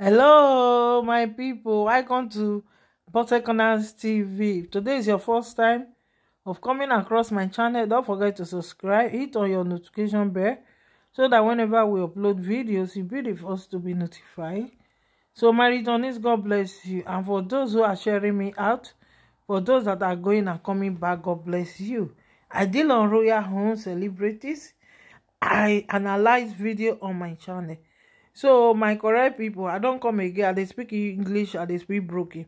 hello my people. welcome to Bottle Corners tv if today is your first time of coming across my channel don't forget to subscribe hit on your notification bell so that whenever we upload videos you'll be the first to be notified so my returnees god bless you and for those who are sharing me out for those that are going and coming back god bless you i deal on royal home celebrities i analyze video on my channel so my correct people, i don't come again They speak english i they speak broken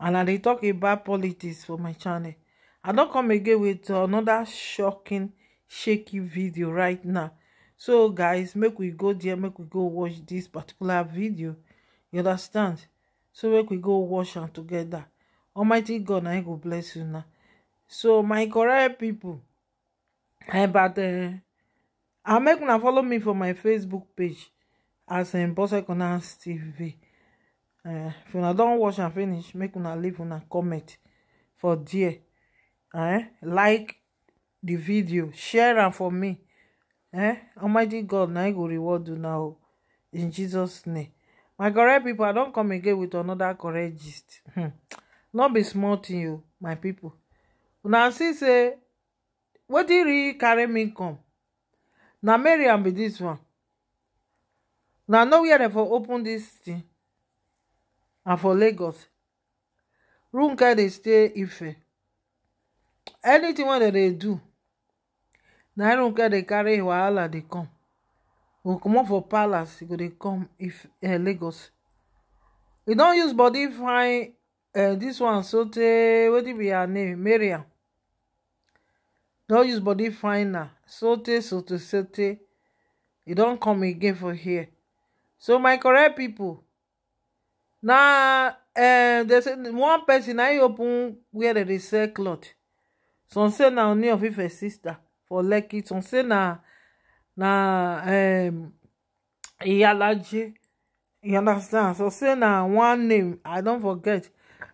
and i dey tok about politics for my channel i don't come again with another shocking shaky video right now so guys make we go there make we go watch this particular video you understand so make we go watch them together. almighty god I him go bless you now so my correct people, about uh, i eh, make una follow me for my facebook page as im boss economics tv eh, if una don watch am finish make una leave una comment for there eh like di video share am for me eh almighty god na im go reward you oh, now in jesus name my correct pipo i don come again with another correct gist hmm not be small tin o oh, my pipo una see say wetin really carry me come na mary am be dis one na nowhere they for open this thing and for lagos room runke they stay ife anytin wey dem dey do na runke they carry while they come go comot for palace e go dey come if eh, lagos You don't use body find This one so sotey wetin be her name mariam Don't use body fine eh, now. find her sotey sotey sotey You don't come again for here so my correct pipo na eh, one person na open where they dey sell cloth some say na oni of ife sister for lekki some say na na um, iyalaje you understand Some say na one name i don forget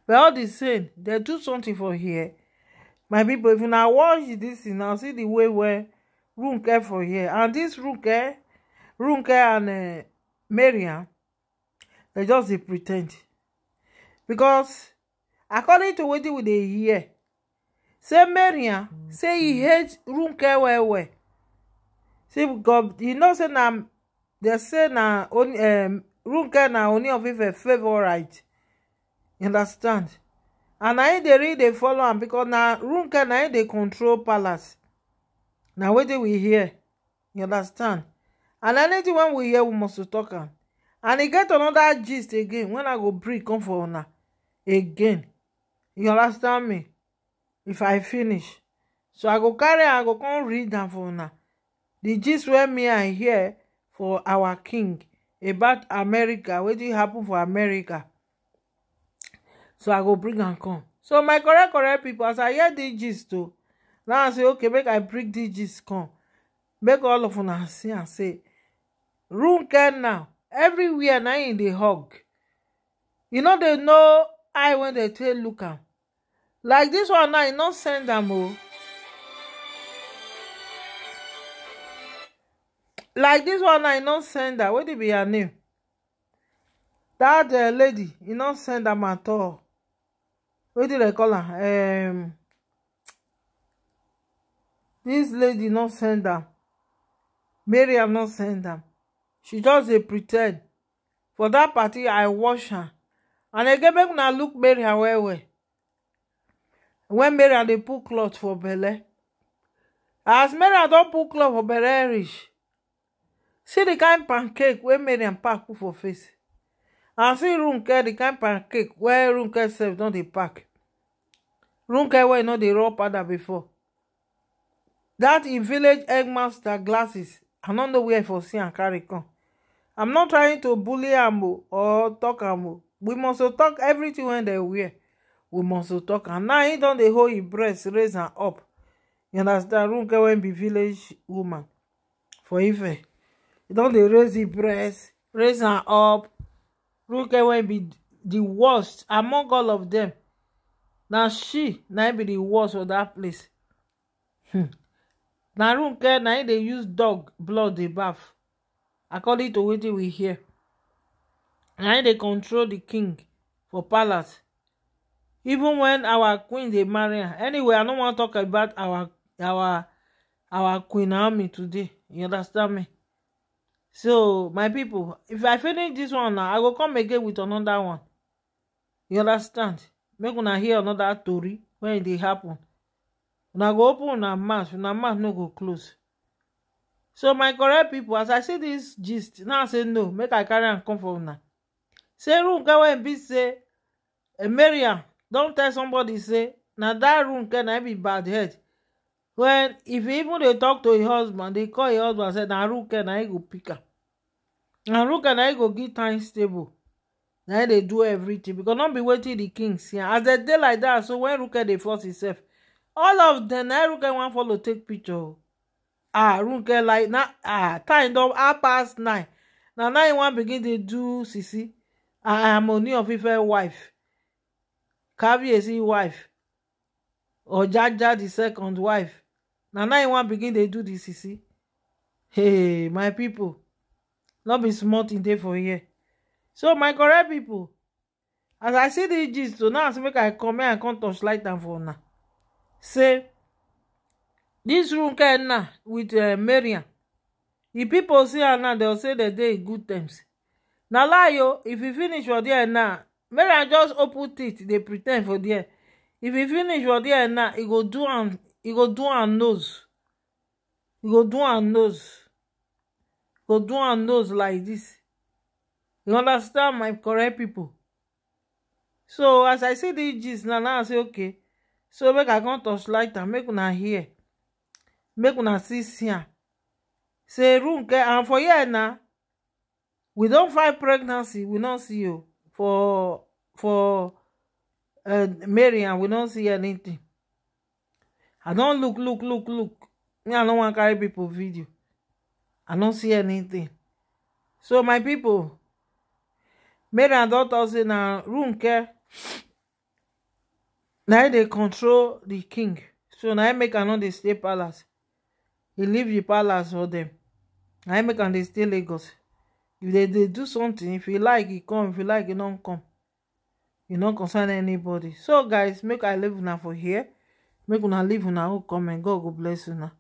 but all the same they do something for here my people. if una watch this, thing now see the way wey runke for here and dis runke runke and eh, marry am dem just they pretend ten d because according to wetin we dey hear say mariam say he e room care where where. See god you know say na They say na only um, care na only of a favourite you understand and na they read they follow him because na runke na him dey control palace Now na wetin we hear you understand and anytin wey we hear we must to tok am ah. and e get anoda gist again wen i go breathe come for una again you understand me if i finish so i go carry am i go come read am for una di gist wey me i hear for our king about america wetin happen for america so i go bring am come so my correct correct pipo as i hear dis gist o oh, now i say okay make i bring dis gist come make all of una see am say Room runke now everywhere na im dey hug e no dey know eye wey dey take look am like this one now e no send am o oh. like this one now e no send am wetin be her name dat uh, lady e no send am at all wetin dem call am um, this lady no send am miriam no send am she just dey pretend for that party i wash her and again make una look Maria, well well When Maria dey put cloth for belle as Maria don put cloth for belle reach see the kind pancake wey Maria pack put for face and see runke the kind pancake wey runke sef don dey pack runke wey no dey rub powder before That im village headmaster glasses i don't know where i for see am carry come i'm not trying to bully am or talk am we must talk everything when they wear we must talk And now he done the whole him breast raise her up you understand runke wey be village woman for ife He done the raise him breast raise her up runke wey be di worst among all of them. Now she now be the worst of that place hmm na runke na im they use dog blood dey baff according to wetin we hear na im dey control the king for palace even when our queen they marry am anyway i no wan talk about our our our queen army today you understand me so my people, if i finish this one now i go come again with another one you understand make una hear another story when e dey happen. una go open una mouth una mouth no go close so my correct pipo as i see dis gist now say no make i carry am come for una say runke wey be say eh, am don tell somebody say na dat runke na e be bad head wen if e even dey tok to im husband dey call im husband say na runke na im e go pick am na runke na im e go give time stable na im dey do everything because no be wetin di king see as dem dey like dat so wen runke dey force himself all of them, na Ronke wan follow take picture o ah Ronke like na ah time don half past nine na nine wan begin dey do sisi and Ooni of Ife wife Kabiyesi wife Ojaja the second wife na nine wan begin dey do the sisi hey my people, no be small thing dey for here so my correct people, as i see the gist so now i say make i come here, i come torchlight am for una say dis runke now with uh, marian If people see her now they'll say that they good times. Now, lie yo. if e finish for there now marian just open teeth They pretend for there if e finish for there now e go do go do am nose e go do am nose go do am nose like this. you understand my correct people. so as i see the gist na now i say okay so make i come torchlight am make una hear make una see see am say runke and for here na we don find pregnancy we no see o for for um, mary and we no see anything i don look look look look me i no wan carry people video i no see anything so my people, mary and don tok say na runke Now they control the king so now im make am no stay palace He leave the palace for them. Now im make am dey stay lagos if they they do something if you like he come if you like he don't come e don't concern anybody so guys make i leave now for here make una leave now. Come and god will bless now.